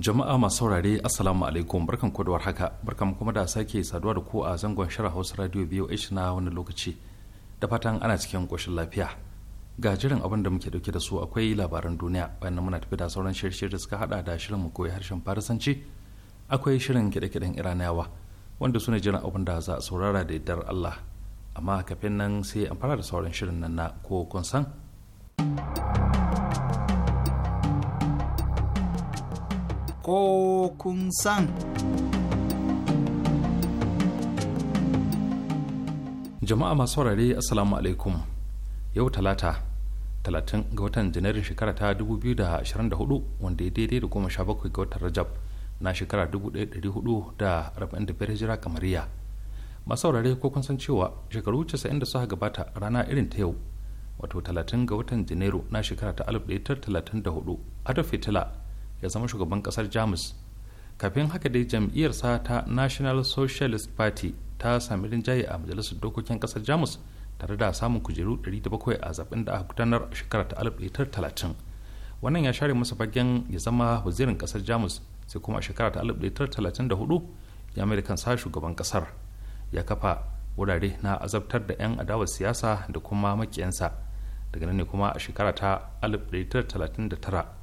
jama'a masu saurare assalamu alaikum barkan ku haka barkan kuma da sake saduwa da ku a zangon shirin hausa radio voh na wani lokaci da fatan ana cikin koshin lafiya ga jirin abin da muke dauke da su akwai labaran duniya bayan muna tafi da sauran shirye da suka hada da shirin mu koyi harshen farisanci akwai shirin kiɗe-kiɗen iraniyawa wanda su ne jiran abin da za a saurara da yardar allah amma kafin nan sai an fara da sauran shirin nan na ko kun san ko kun san. Jama'a masu saurare Assalamu alaikum yau talata talatin ga watan janairun shekara ta 2024 wanda ya daidai da goma sha bakwai ga watan rajab na shekara 1445 hijira kamariya masu saurare ko kun san cewa shekaru 90 da suka gabata rana irin ta yau wato talatin ga watan janairu na shekara ta 1934 adolf hitler ya zama shugaban kasar jamus kafin haka dai jam'iyyarsa ta national socialist party ta sami rinjaye a majalisar dokokin kasar jamus tare da samun kujeru 700 a zaben da aka gudanar a shekara ta 1930 wannan ya share masa fagen ya zama wazirin kasar jamus sai kuma a shekara ta 1934 ya mai sa shugaban kasar ya kafa wurare na azabtar da 'yan adawar siyasa da kuma makiyansa daga nan ne kuma a shekara ta 1939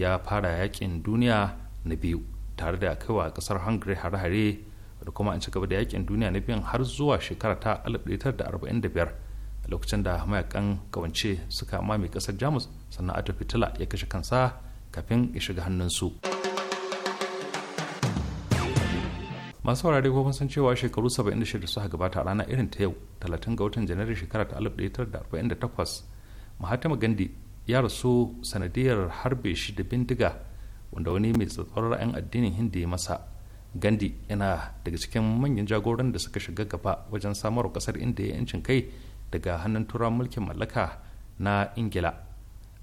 ya fara yakin duniya na biyu tare da kaiwa kasar hungary hare-hare da kuma an ci gaba da yakin duniya na biyu har zuwa shekara ta 1945 a lokacin da mayakan kawance suka mame kasar jamus sannan adolf hitler ya kashe kansa kafin ya shiga hannunsu masu wurare ko san cewa shekaru 76 suka gabata a rana irin ta yau 30 ga watan janairu shekara ta 1948 mahatma gandhi ya rasu sanadiyar harbe shi da bindiga wanda wani mai tsatsauran yan addinin hindu ya masa gandi yana daga cikin manyan jagoran da suka shiga gaba wajen samar wa kasar inda ya yancin kai daga hannun turawan mulkin mallaka na ingila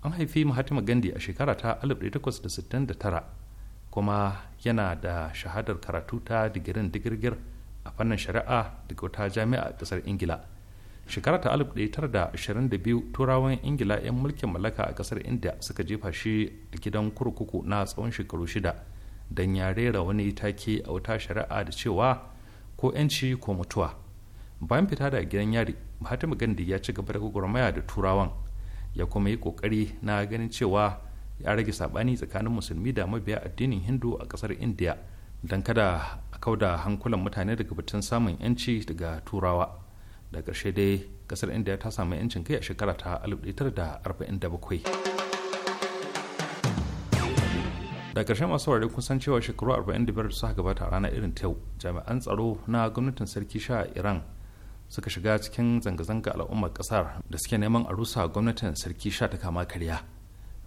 an haifi mahatima gandi a shekara ta 1869 kuma yana da shahadar karatu ta digirin digirgir a fannin shari'a daga wata jami'a a kasar ingila shekara ta 1922 turawan ingila 'yan mulkin mallaka a kasar india suka jefa shi a gidan kurkuku na tsawon shekaru shida don ya rera wani take a wuta shari'a da cewa ko 'yanci ko mutuwa bayan fita da gidan yari mahatma gandhi ya ci gaba da gwagwarmaya da turawan ya kuma yi kokari na ganin cewa ya rage sabani tsakanin musulmi da mabiya addinin hindu a kasar india don kada a kauda hankulan mutane daga batun samun 'yanci daga turawa da ƙarshe dai ƙasar india ta samu 'yancin kai a shekara ta 1947 da ƙarshe masu saurari kun san cewa shekaru 45 da suka gabata a ranar irin ta jami'an tsaro na gwamnatin sarki sha iran suka shiga cikin zanga-zanga al'ummar ƙasar da suke neman a rusa gwamnatin sarki sha ta kama karya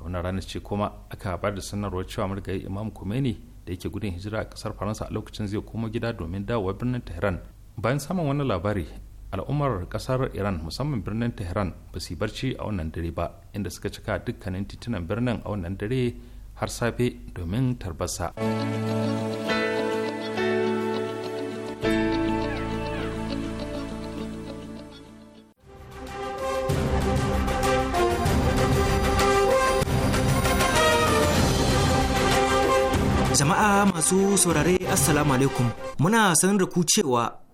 wannan ranar ce kuma aka ba da sanarwar cewa marigayi imam khomeini da yake gudun hijira a ƙasar faransa a lokacin zai koma gida domin dawowa birnin tehran bayan samun wannan labari al'ummar kasar iran musamman birnin tehran ba su barci a wannan dare ba inda suka cika dukkanin titunan birnin a wannan dare har safe domin tarbasa jama'a masu saurare assalamu alaikum muna sanar da ku cewa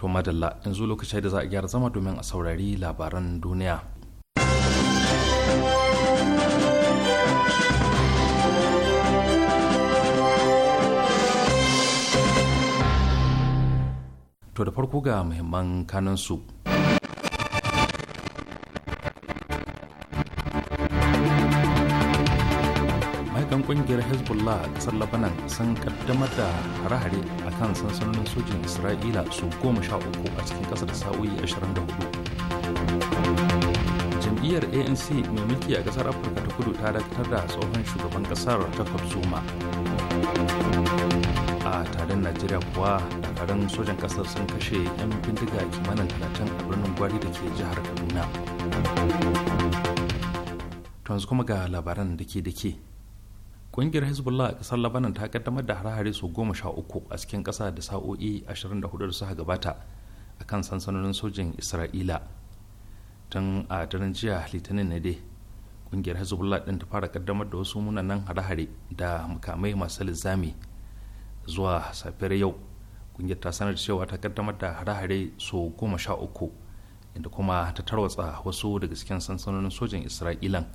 To madalla yanzu lokaci da za a gyara zama domin a saurari labaran duniya. To da farko ga muhimman kanansu. kungiyar hezbollah a kasar labanan sun kaddamar da hare-hare a kan sansanonin sojin isra'ila su goma sha uku a cikin kasar sa'o'i hudu. jam'iyyar anc mai mulki a kasar afirka ta kudu ta dakatar da tsohon shugaban kasar jacob zuma a tarin najeriya kuwa dakarun sojan kasar sun kashe 'yan bindiga kimanin talatin a birnin gwari da ke jihar kaduna yanzu kuma ga labaran da ke da ke ƙungiyar hezbollah a ƙasar labanan ta kaddamar da hare-hare su goma sha uku a cikin ƙasa da sa'o'i ashirin da suka gabata a kan sansanonin sojin isra'ila tun a daren jiya litinin ne dai ƙungiyar hezbollah ɗin ta fara ƙaddamar da wasu munanan hare-hare da mukamai masu linzami zuwa safiyar yau ƙungiyar ta sanar cewa ta kaddamar da hare-hare su goma sha uku inda kuma ta tarwatsa wasu daga cikin sansanonin sojin isra'ilan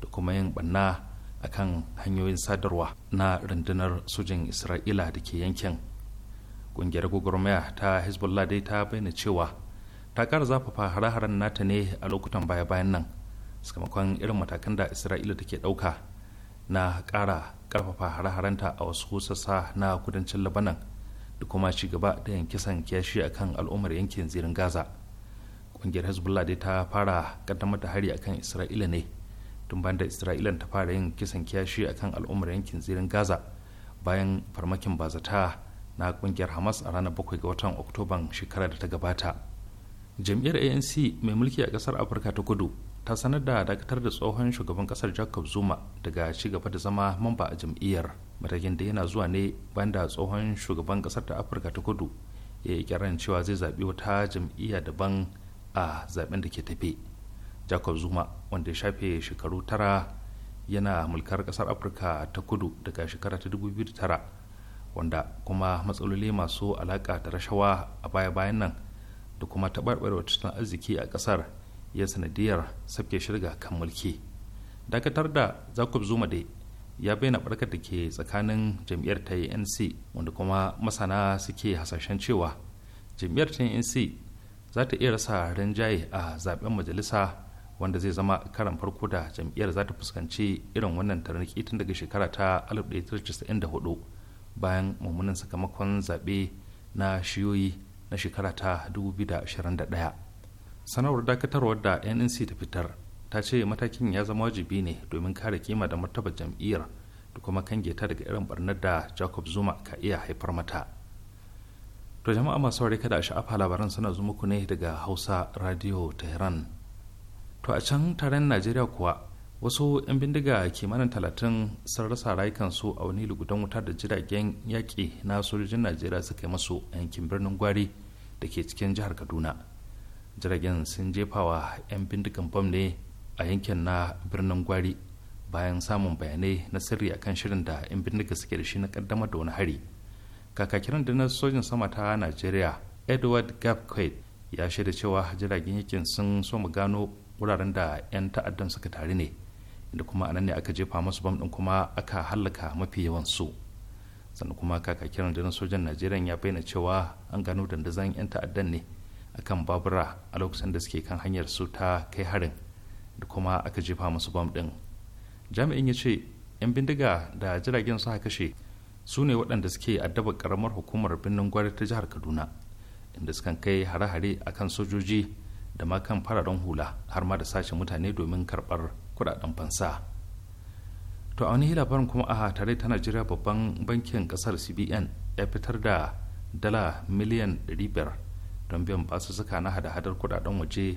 da kuma yin ɓanna akan hanyoyin sadarwa na rundunar sojin isra'ila da ke yankin ƙungiyar gwagwarmaya ta hezbollah dai ta bayyana cewa ta ƙara zafafa hare-haren nata ne a lokutan baya-bayan nan sakamakon irin matakan da isra'ila take ɗauka na ƙara ƙarfafa hare-harenta a wasu sassa na kudancin labanan da kuma ci gaba da yankisan kiyashi akan al'ummar yankin zirin gaza ƙungiyar hezbollah dai ta fara ƙaddamar da hari akan isra'ila ne tun bayan da isra'ila ta fara yin kisan kiyashi a kan al'ummar yankin zirin gaza bayan farmakin bazata na kungiyar hamas a ranar 7 ga watan oktoban shekarar da ta gabata jam'iyyar anc mai mulki a kasar afirka ta kudu ta sanar da dakatar da tsohon shugaban kasar jacob zuma daga ci gaba da zama mamba a jam'iyyar matakin da yana zuwa ne bayan da tsohon shugaban kasar ta afirka ta kudu ya yi cewa zai zaɓi wata jam'iyya daban a zaben da ke tafe jacob zuma wanda ya shafe shekaru tara yana mulkar kasar afirka ta kudu daga shekara ta 2009 wanda kuma matsaloli masu alaka da rashawa a baya-bayan nan da kuma taɓarɓarewa tattalin arziki a ƙasar ya sanadiyar sabke shirga kan mulki dakatar da jacob zuma dai ya bayyana barkar da ke tsakanin jam'iyyar ta anc wanda kuma masana suke hasashen cewa jam'iyyar ta anc za ta iya rasa rinjaye a zaben majalisa wanda zai zama karan farko da jam'iyyar za ta fuskanci irin wannan tarniki tun daga shekara ta 1994 bayan mummunan sakamakon zaɓe na shiyoyi na shekara ta 2021 sanarwar dakatarwar da nnc ta fitar ta ce matakin ya zama wajibi ne domin kare kima da martaba jam'iyyar da kuma kange ta daga irin barnar da jacob zuma ka iya haifar mata to jama'a masu kada a sha'afa labaran suna ku ne daga hausa radio tehran to a can taron najeriya kuwa wasu 'yan bindiga kimanin talatin sun rasa rayukansu a wani lugudan wuta da jiragen yaƙi na sojojin najeriya suka yi masu yankin birnin gwari da ke cikin jihar kaduna jiragen sun jefawa 'yan bindigan bam ne a yankin na birnin gwari bayan samun bayanai na sirri akan shirin da 'yan bindiga suke da shi na kaddamar da wani hari kakakiran da na sojin sama ta najeriya edward gapquet ya shaida cewa jiragen yakin sun so mu gano wuraren da 'yan ta'addan suka tari ne inda kuma anan ne aka jefa masu bam din kuma aka hallaka mafi yawan su sannan kuma kakakin rundunar sojan najeriya ya bayyana cewa an gano dandazon 'yan ta'addan ne akan babura a lokacin da suke kan hanyar su ta kai harin da kuma aka jefa masu bam din jami'in ya ce 'yan bindiga da jiragen su kashe su ne waɗanda suke addaba karamar hukumar birnin gwari ta jihar kaduna inda sukan kai hare-hare akan sojoji da ma kan fararen hula har ma da sace mutane domin karɓar kudaden fansa to a wani labarin kuma a tare ta najeriya babban bankin kasar cbn ya fitar da dala miliyan 500 don biyan suka na hada-hadar kudaden waje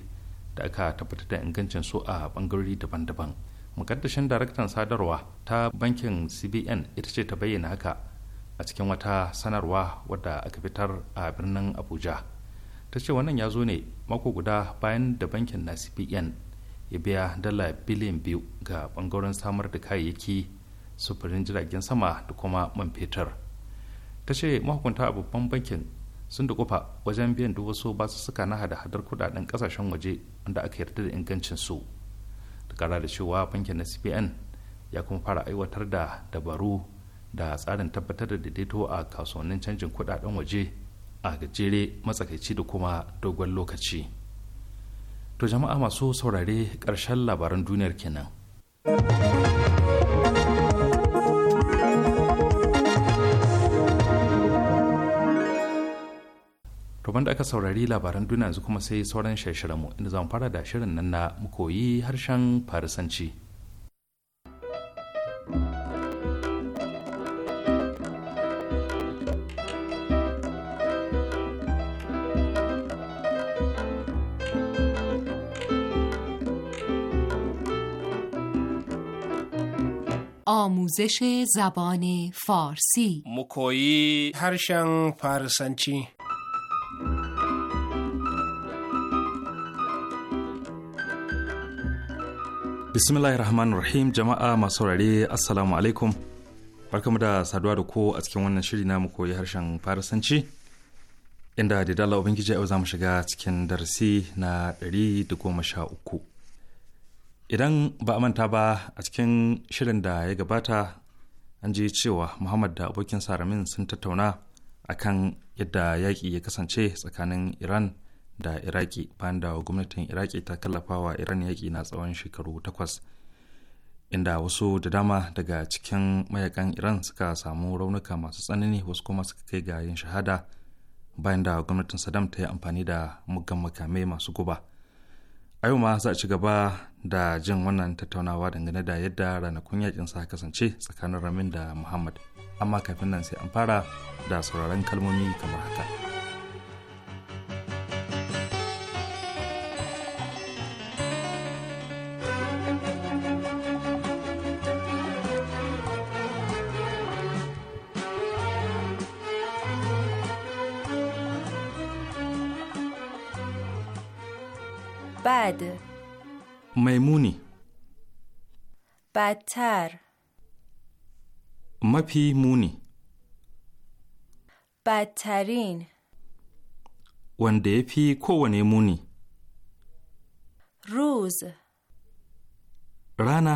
da aka tabbatar da ingancin su a bangarori daban-daban mukaddashin daraktan sadarwa ta bankin cbn ita ce ta bayyana haka a cikin wata sanarwa wadda aka fitar a birnin abuja ta ce wannan ya zo ne mako guda bayan da bankin nasipn ya biya dala biliyan biyu ga bangaren samar da kayayyaki sufurin jiragen sama da kuma man fetur ta ce mahukunta a babban bankin sun da kufa wajen biyan duk wasu basu suka na hada-hadar kudaden kasashen waje wanda aka yarda da ingancin su da kara da cewa bankin na cbn ya kuma fara aiwatar da dabaru da tsarin tabbatar da daidaito a kasuwannin canjin kudaden waje a gajere matsakaici da kuma dogon lokaci to jama'a masu saurare ƙarshen labaran duniyar kenan Ruban da aka saurari labaran duniya yanzu kuma sai sauran shirin inda zan fara da shirin nan na mukoyi harshen farisanci. آموزش زبان فارسی مکویی هرشن فارسنچی bismillahir rahmanir rahim jama'a masu saurare assalamu alaikum barkamu da saduwa da ko a cikin wannan shiri na mu koyi harshen farisanci inda da dala ubangiji yau za mu shiga cikin darasi na 113 idan ba a manta ba a cikin shirin da ya gabata an ji cewa muhammad da abokin saramin sun tattauna a kan yadda yaƙi ya kasance tsakanin iran da iraki bayan da gwamnatin iraki ta kallafa wa iran yaƙi na tsawon shekaru takwas inda wasu da dama daga cikin mayakan iran suka samu raunuka masu tsanani wasu kuma suka kai ga yin shahada bayan da gwamnatin saddam ta yi amfani da muggan makamai masu guba a yau ma za a ci gaba da jin wannan tattaunawa dangane da yadda ranakun yakin sa kasance tsakanin ramin da muhammad amma kafin nan sai an fara da sauraron kalmomi kamar haka. maimuni batar mafi muni batarin wanda ya fi kowane muni روز Rana.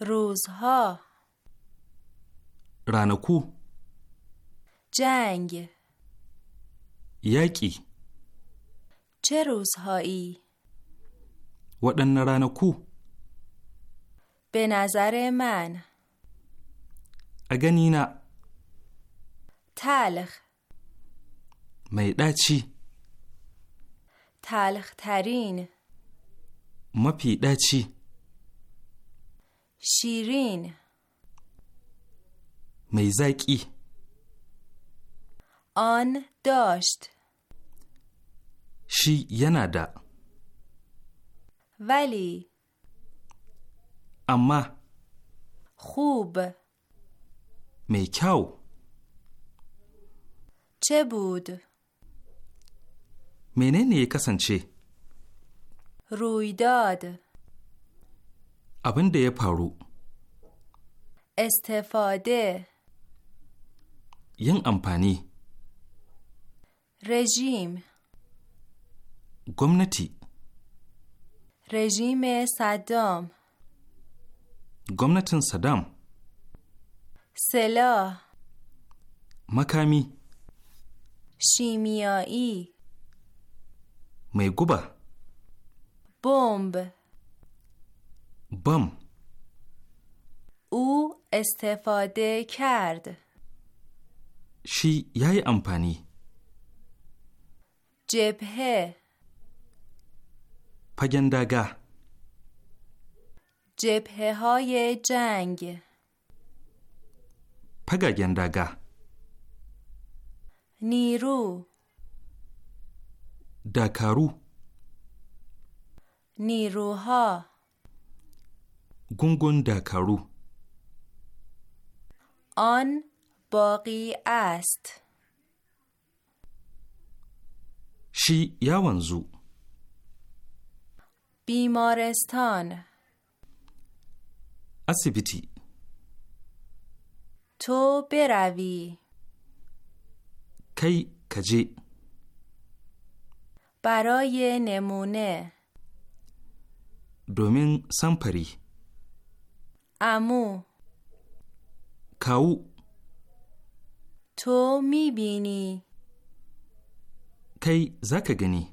روزها رانكو جنگ یکی چه روزهایی؟ waɗanne ranaku به نظر من اگنینا تلخ میداچی تلخ ترین مپیداچی شیرین میزکی آن داشت شی یندا ولی اما خوب میکاو چه بود؟ منه نیکسن چه؟ رویداد ابنده پارو استفاده ین امپانی رژیم گمنتی رژیم صدام گمنتن صدام سلاح مکامی شیمیایی میگوبا بمب بم او استفاده کرد شی یای امپانی جبهه پگندگه جبهه های جنگ پگندگه نیرو دکارو نیروها گونگون دکارو آن باقی است شی یاونزو بیمارستان اسیبیتی تو بروی کی کجی برای نمونه دومین سمپری امو کاو تو میبینی کی زکگنی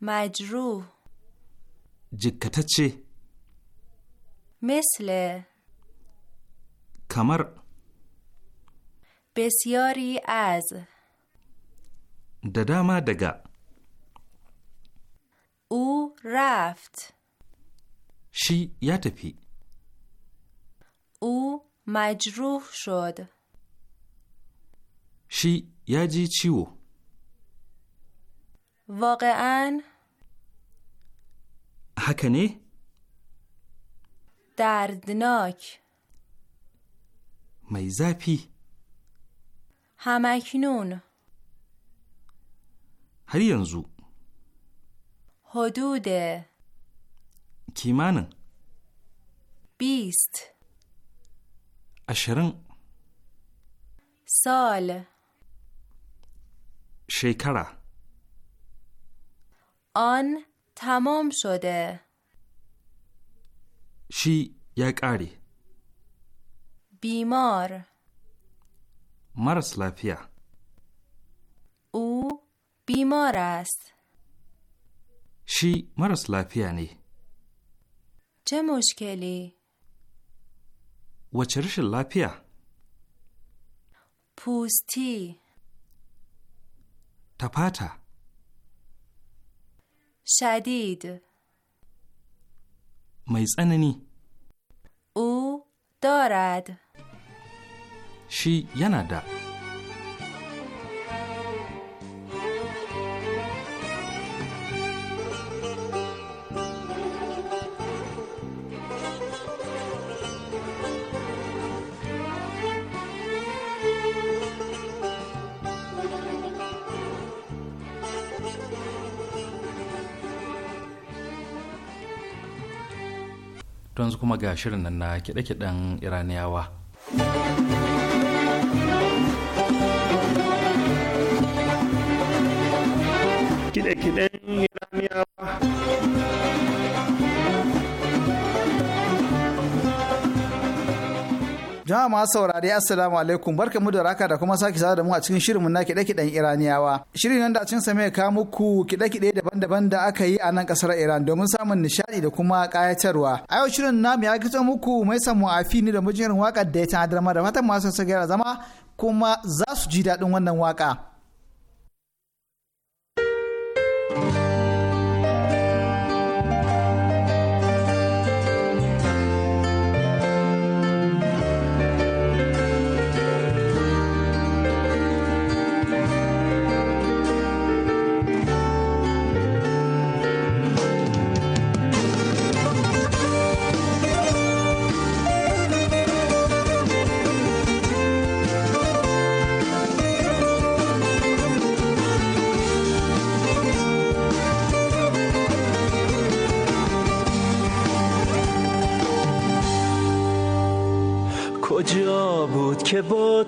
مجروح جکتچه مثل کمر بسیاری از دداما دگا او رفت شی یا تفی او مجروح شد شی یا جی چیو واقعا حکنه دردناک می همکنون هر ینزو حدود کیمان بیست اشرن سال شکره آن تمام شده شی یک آری بیمار مرس لافیا او بیمار است شی مرس لافیا چه مشکلی؟ و چرش لافیا پوستی تپاتا شدید mai tsanani او دارد شی yana da don kuma ga shirin nan na kiɗe-kiɗen iraniyawa jama'a masu saurare assalamu alaikum barka mu da raka da kuma sake sada da mu a cikin shirinmu na kiɗe-kiɗen iraniyawa shirin nan da a sa mai kawo muku kiɗe-kiɗe daban-daban da aka yi a nan ƙasar iran domin samun nishaɗi da kuma kayatarwa. a yau shirin namu ya gito muku mai samu afi ni da mijin waƙar da ya tanadar da fatan masu sa zama kuma za su ji daɗin wannan waka.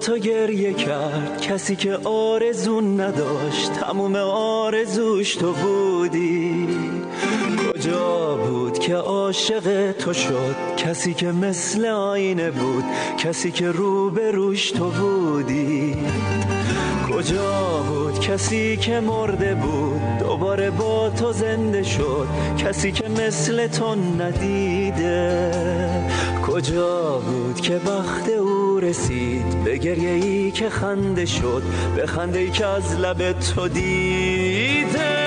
تا گریه کرد کسی که آرزون نداشت تموم آرزوش تو بودی کجا بود که عاشق تو شد کسی که مثل آینه بود کسی که روش تو بودی کجا بود کسی که مرده بود دوباره با تو زنده شد کسی که مثل تو ندیده کجا بود که وقت او رسید به گریه ای که خنده شد به خنده ای که از لب تو دیده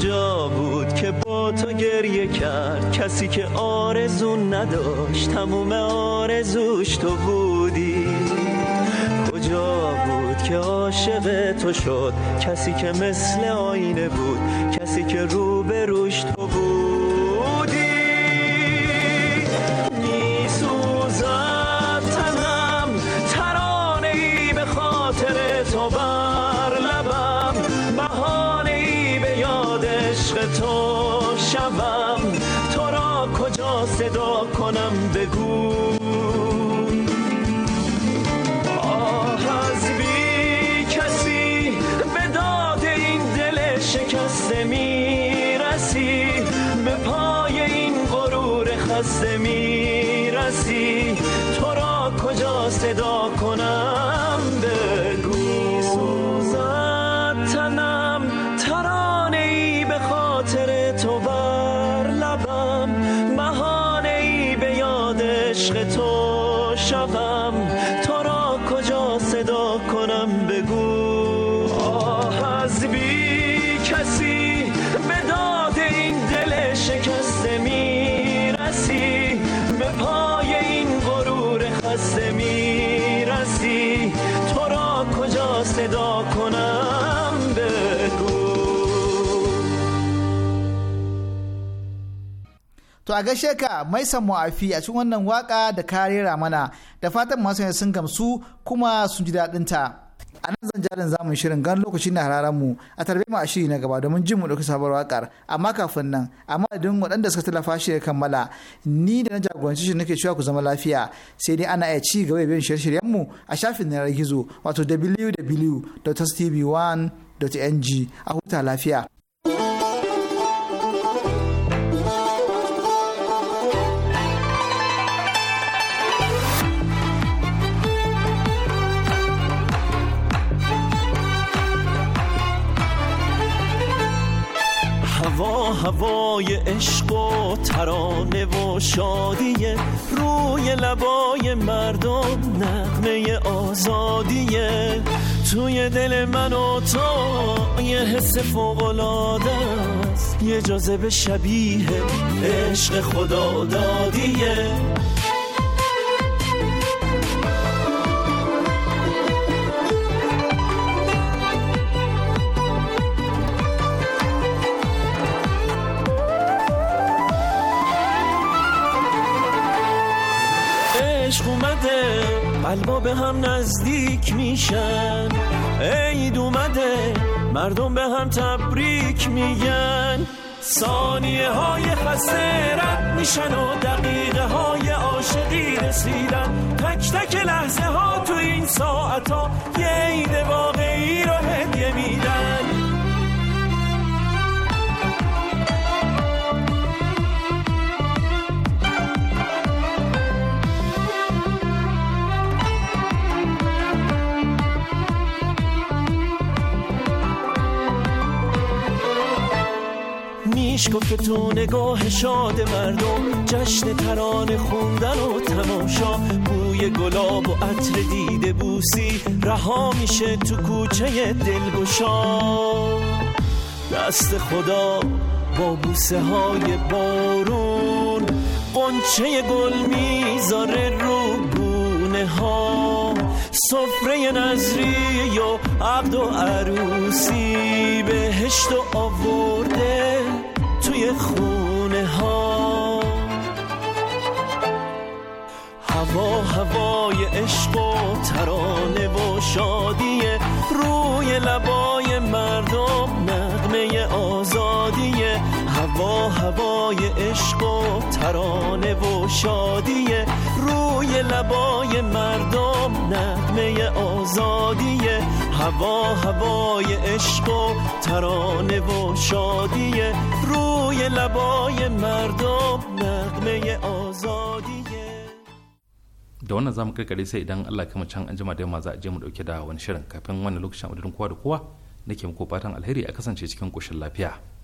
کجا بود که با تو گریه کرد کسی که آرزو نداشت تموم آرزوش تو بودی کجا بود که عاشق تو شد کسی که مثل آینه بود کسی که رو خسته میرسی تو را کجا صدا کنم a gaishe ka mai samu a cikin wannan waka da ka rera mana da fatan masu sun gamsu kuma sun ji daɗin ta a nan zan jarin zamun shirin gan lokaci na hararen mu a tarbe mu a shiri na gaba domin jin mu ɗauki sabuwar wakar amma kafin nan amma idan waɗanda suka tallafa shi ya kammala ni da na jagoranci shi nake cewa ku zama lafiya sai dai ana iya ci gaba bin shirye-shiryen mu a shafin na gizo wato www.tv1.ng a huta lafiya هوای عشق و ترانه و شادی روی لبای مردم نقمه آزادیه توی دل من و تو یه حس فوقلاده است یه جاذبه شبیه عشق خدا دادیه قلبا به هم نزدیک میشن عید اومده مردم به هم تبریک میگن ثانیه های خسته رد میشن و دقیقه های عاشقی رسیدن تک تک لحظه ها تو این ساعت ها یه عید واقعی رو هدیه میدن که تو نگاه شاد مردم جشن ترانه خوندن و تماشا بوی گلاب و عطر دیده بوسی رها میشه تو کوچه دلگشا دست خدا با بوسه های بارون قنچه گل میذاره رو بونه ها سفره نظری یا عقد و عروسی بهشت و آورده خونه ها هوا هوای عشق و ترانه و شادی روی لبای مردم نغمه آن هوای عشق و ترانه و روی لبای مردم نقمه هوا هوای عشق و ترانه و روی لبای مردم نقمه da wannan zamu karkare sai idan Allah kuma can an jima da yamma za a je mu dauke da wani shirin kafin wannan lokacin a kowa da kowa nake muku fatan alheri a kasance cikin koshin lafiya